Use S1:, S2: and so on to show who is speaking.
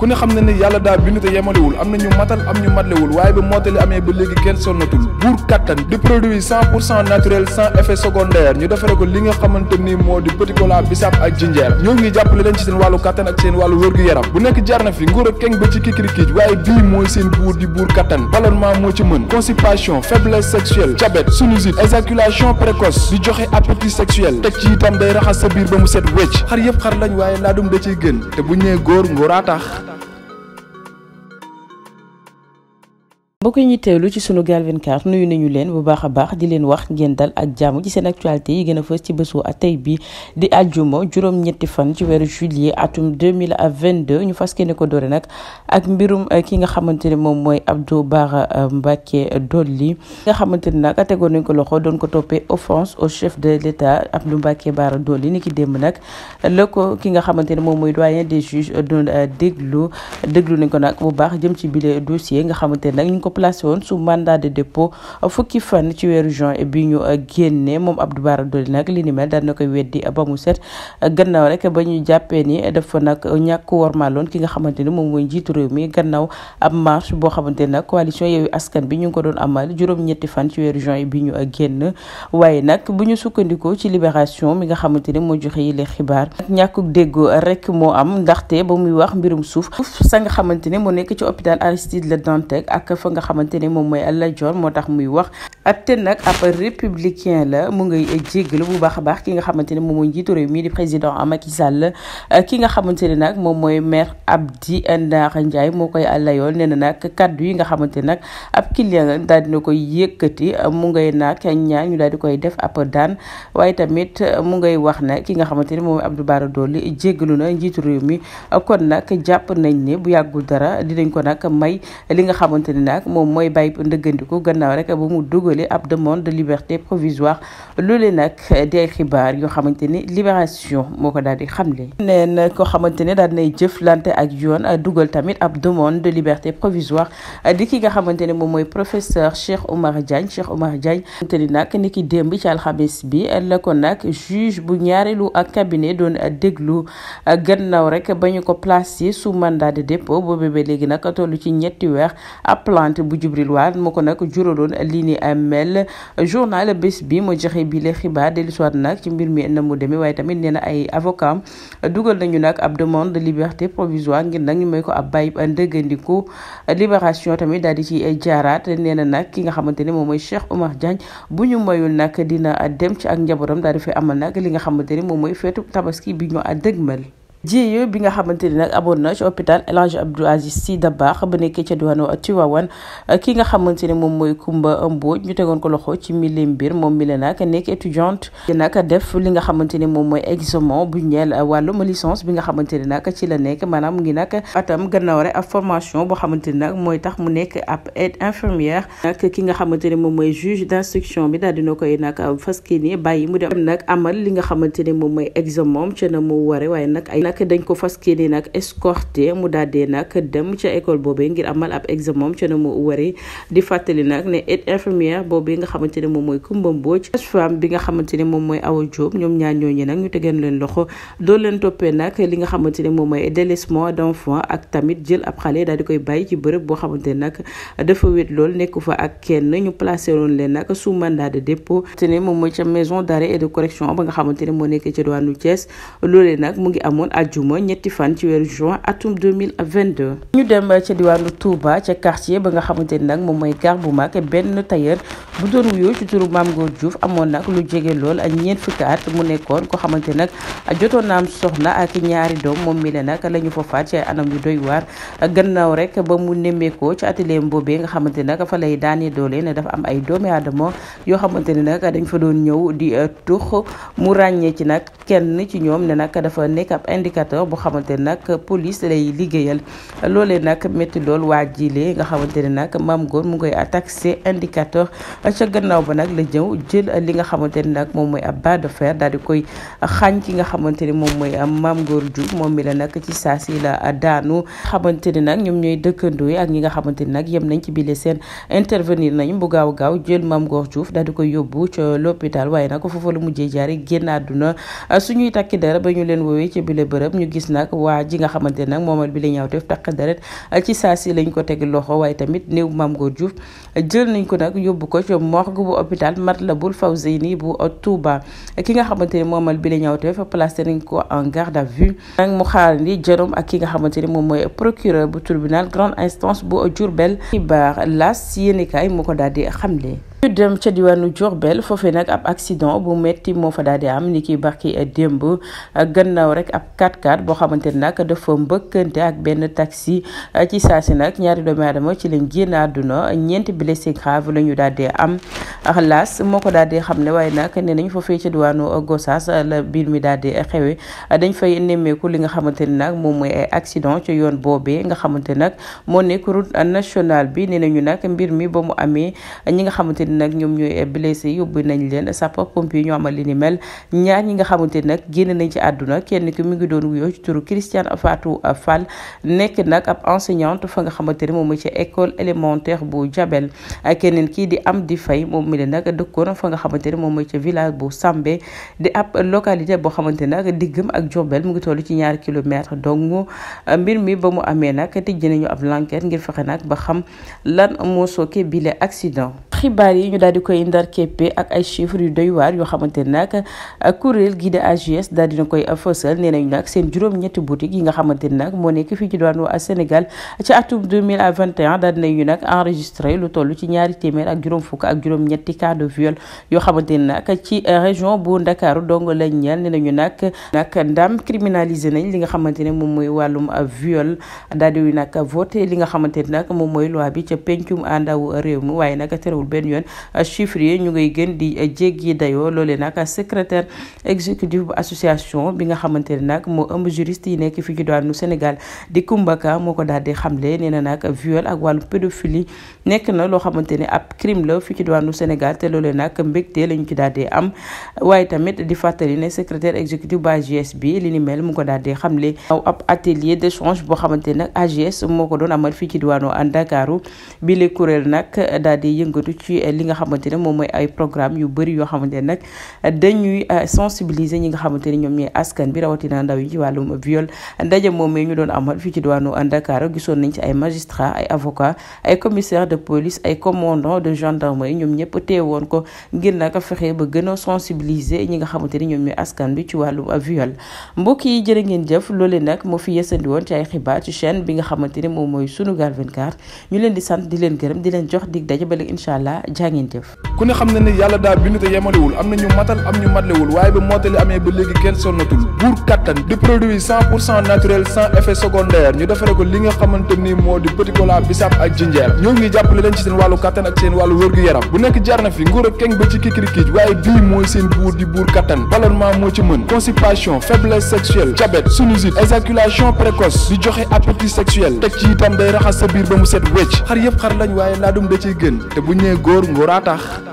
S1: ku ne xam na ni yàlla daal bindu te yemalewul am na ñu matal am ñu matlewul waaye ba mottali amee ba léegi kenn sonnatul buur kattan di produit cent pour cent naturel sans effet secondaire ñu defare ko li nga xamante ni moo di petit cola bisaab ak jinjeer ñoo ngi jàppale leen ci seen wàllu kattan ak seen wàllu wërgu yaram bu nekk jar na fi nguur ak keng ba ci kikirikiij waaye bii mooy seen buur di buur kattan ballonnement moo ci mën constipation faiblesse précoce di joxe appétit sexuel teg ci itam day raxas sa ba mu set wecc xar yëpp xar lañ waaye laa dum da ciy
S2: mbokk yi ñu teewlu ci Sunugal 24 nuyu nañu leen bu baax a baax di leen wax ngeen dal ak jàmm ci seen actualité yi gën a fës ci bésu tey bi di àjjuma juróom-ñetti fan ci weeru juillet atum 2022 ñu fas ne ko doore nag ak mbirum eh, ki nga xamante ne moom mooy Abdou Bara eh, Mbacké Dolly nga xamante ne nag tegoon nañ ko loxo doon ko toppee offense au chef de l'État Abdou Mbacké Bara Dolly ni ki démb nag la ko ki nga xamante ne moom mooy doyen des juges doon eh, déglu déglu nañ ko nag bu baax jëm ci bile dossier nga xamante ne nag ko placé woon sous mandat de dépôt fukki fan ci weeru juin bi ñu génnee moom Abdou Bara Dolly nag li ni mel daan na koy weddi ba mu set gannaaw rek ba ñu jàppee ni a nag ñàkk wormaaloon ki nga xamante ni moom mooy njiitu gannaaw ab marche boo xamante coalition Yewwi Askan bi ñu ko doon amal juróom-ñetti fan ci weeru juin bi ñu génn waaye nag bu ñu sukkandikoo ci libération mi nga xamante ni moo joxe yi les xibaar ñàkkuk déggoo rek moo am ndaxte ba muy wax mbirum suuf suuf sa nga xamante moo nekk nga xamante ne moom mooy Lat Dior moo tax muy wax te nag ab républicain la mu ngay jéggalu bu baax a baax ki nga xamante ne moom mooy njiitu réew mii di président Macky ki nga xamante ne nag moom mooy maire Abdi Ndar Ndiaye moo koy layoon nee na nag kaddu yi nga xamante ne nag ab client daal dina koy yëkkati mu ngay nag ñaar ñu daal di koy def ab daan waaye tamit mu ngay wax ne ki nga xamante ne moom mooy Abdou Bara Dolly jéggalu na njiitu réew mi kon nag jàpp nañ ne bu yàggul dara dinañ ko nag may li nga xamante nag moom mooy bàyyi ndëggandiku gannaaw rek ba mu dugalee ab demande de liberté provisoire loolee nag di xibaar yoo xamante ni libération moo ko daal di xamle. neen ko xamante ne daal nay jëflante ak yoon a dugal tamit ab demande de liberté provisoire di ki nga xamante ne moom mooy professeur Cheikh Oumar Diagne Cheikh Oumar Diagne. xamante ni nag ni ki démb ci alxames bi la ko nag juge bu ñaareelu ak cabinet doon déglu gannaaw rek bañu ko placer sous mandat de dépôt boobee léegi nag toll ci ñetti weer faat bu Jibril Waar moo ko nag juraloon lii ni mel journal bés bi moo joxe bi le xibaar dellusiwaat nag ci mbir mi na mu demee waaye tamit nee na ay avocat dugal nañu nag ab demande de liberté provisoire ngir nag ñu may ko ab bàyyi ndëggandiku libération tamit daal di ci jaaraat nee na nag ki nga xamante ne moom mooy Cheikh Oumar Diagne bu ñu mayul nag dina dem ci ak njabootam daal di fay amal nag li nga xamante ne moom mooy feetu tabaski bi ñu dëgmal jiye bi nga xamante ni nag amoon na ci hôpital El Hadj Abdou Aziz Sy Dabakh ki nga xamante ne moom mooy Kumba Mbodj ñu tegoon ko loxo ci mille mbir moom mi la nag nekk étudiante nag def li nga xamante ni moom mooy examen bu ñeel wàllum licence bi nga xamante ni nag ci la nekk maanaam mu ngi nag atam gannaaw rek a formation boo xamante ni nag mooy tax mu nekk ab aide infirmière nag ki nga xamante ni moom mooy juge d'instruction bi daal dina koy nag faski ni bàyyi mu dem nag amal li nga xamante ni moom mooy examen ca na mu ware waaye nag ay nag dañ ko fas yéene nag escorté mu daaldee nag dem ca école boobee ngir amal ab examen ca ne mu waree di fàttali nag ne aide infirmière boobee nga xamante ne moom mooy Kumba Mbodj femme bi nga xamante ne moom mooy Awa Diop ñoom ñaar ñooñu nag ñu tegeen leen loxo ne moom mooy délaissement d'enfant ak tamit jël ab xale daal di koy bàyyi ci bërëb boo xamante ne nag dafa wét lool nekku fa ak kenn ñu placé woon leen nag sous mandat de dépôt te ne moom mooy ca maison d'arrêt et de ba nga xamante ne moo nekk ca diwaanu Thiès loolee nag mu ngi amoon ajjuma ñetti fan ci weeru juin atum 2022 ñu dem ca diwaanu Touba ca quartier ba nga xamante nag moom mooy gar bu mag ba mu nemmeekoo ci atelier boobee nga xamante nag fa lay daanee doole ne dafa am ay doomi aadama yoo xamante ne nag dañ fa doon ñëw di eh, tux mu ràññee ci nag kenn ci ñoom ne nag dafa nekk ab indi indicateur bu xamante ne nag police lay liggéeyal loolee nag métti lool waa jilee nga xamante ne nag ba nag la ñëw jël li nga xamante ne nag moom mooy ab barre de fer daal di koy xañ ki nga xamante ni moom mooy maam góor Diouf moom mi la nag ci saa si la daanu xamante ni nag ñoom ñooy dëkkandoo yi ak ñi nga xamante ni nag yem nañ ci bile seen intervenir nañ bu gaaw gaaw jël maam góor Diouf daal di koy yóbbu ca l'hôpital waaye nag foofu la mujjee jaare génn àdduna suñuy takki dara ba ñu leen woowee ci bile bërëb bërëb ñu gis nag waa ji nga xamante nag moomal bi la ñaawteef takk deret ci saa si lañ ko teg loxo waaye tamit néew maam Goor Diouf jël nañ ko nag yóbbu ko ci morgue bu hôpital Matlaboul Fawzeyni bu Touba ki nga xamante ni moomal bi la ñaawteef placé nañ ko en garde à vue nag mu xaarandi jërom ak ki nga xamante ni moom mooy procureur bu tribunal grande instance bu Diourbel xibaar las yéenekaay moo ko daal di xamle ñu dem ca diwaanu Diourbel foofee nag ab accident bu metti moo fa daal di am ni ki barki démb gannaaw rek ab 4 x boo xamante ni nag dafa mbëkkante ak benn taxi ci saa si nag ñaari doomi aadama ci lañ génn àdduna ñeenti blessé grave la ñu daal di am laas moo ko daal di xam ne waaye nag nee nañ foofee ca diwaanu Gossas la biir mi daal di xewee dañ fay nemmeeku li nga xamante ni nag moom mooy ay accident ci yoon boobee nga xamante nag moo nekk route nationale bi nee nañu nag mbir mi ba mu amee ñi nga xamante ni nag ñoom ñooy blessé yóbbu nañ leen sapeur pompier ñu amal li ni mel ñaar ñi nga xamante ni nag génn nañ ci àdduna kenn ki mu ngi doon wuyoo ci turu Christiane Fatou Fall nekk nag ab enseignante fa nga xamante ne moom mooy ci école élémentaire bu Jabel keneen kii di am di fay moom mu ne nag dëkkoon fa nga xamante ne moom mooy ca village bu Sambé di ab localité boo xamante ne nag diggam ak Diourbel mu ngi toll ci ñaari kilomètre donc mbir mi ba mu amee nag tijji nañu ab enquête ngir fexe nag ba xam lan moo sooke bile accident. xibaar yi ñu daal di koy ndar képpe ak ay chiffres yu doy waar yoo xamante ne nag kuréel gi de AGS daal dina koy fësal nee nañu nag seen juróom-ñetti yi nga xamante ne nag moo nekk fii ci diwaanu Sénégal ci atum 2021 daal dinañu nag enregistré lu toll ci ñaari téeméer ak juróom fukk ak juróom-ñetti cas yoo xamante ne nag ci région bu Ndakaaru dong lañ ñeel nañu nag nag ndam criminalisé nañ li nga xamante ne moom mooy wàllum viol daal di nag voté li nga xamante ne nag moom mooy loi bi ca pencum àndaw réew mi waaye nag terewul benn yoon chiffres yi ñu ngay gën di jéggi dayoo loolee nag secrétaire exécutif bu association bi nga xamante ne nag moo ëmb juriste yi nekk fii ci diwaanu Sénégal di Koumbaka moo ko daal di xamle nee na nag viol ak wàllu pédophilie nekk na loo xamante ne ab crime la fii ci diwaanu Sénégal te loolee nag mbégte la ñu ci daal di am waaye tamit di fàttali ne secrétaire exécutif bu AGS bi li ni mel mu ko daal di xamle aw ab atelier d'échange boo xamante ne nag AGS moo ko doon amal fii ci diwaanu Ndakaaru bi le nag daal di yëngatu ci euh, li nga xamante ne moom mooy ay programme yu bëri yoo xamante ne nag euh, dañuy euh, sensibiliser ñi nga xamante ne ñoom ñooy askan bi rawatina ndaw yi ci wàllum viol ndaje moom ñu doon amal fii ci diwaanu Dakar gisoon nañ ci ay magistrats ay avocats ay commissaires de police ay commandants de gendarmerie ñoom ñëpp teewoon ko ngir nag fexe ba gën a sensibiliser ñi nga xamante ne ñoom ñooy askan bi ci wàllum viol mbokk yi jërë ngeen jëf loolee nag moo fi yësandi ci ay xibaar ci chaîne bi nga xamante ne moom mooy Sunugal 24 ñu leen di sant di leen gërëm di leen jox dig daje ba léegi incha allah
S1: ku ne xam ne ni yàlla daa bindu te yemalewul am na ñu matal am ñu matlewul waaye ba mottali amee ba léegi kenn sonnatul buur kattan di produit cent pour cent naturel sans effet secondaire ñu defare ko li nga xamante ni moo di petit cola bisaab ak jinjeer ñoo ngi jàppale leen ci seen wàllu kattan ak seen wàllu wërgu-yaram bu nekk jar fi nguur ak keng ba ci kikirikiij waaye bii mooy seen buur di buur kattan ballonnement moo ci mën constipation da ciy gën te góor ngóoraa tax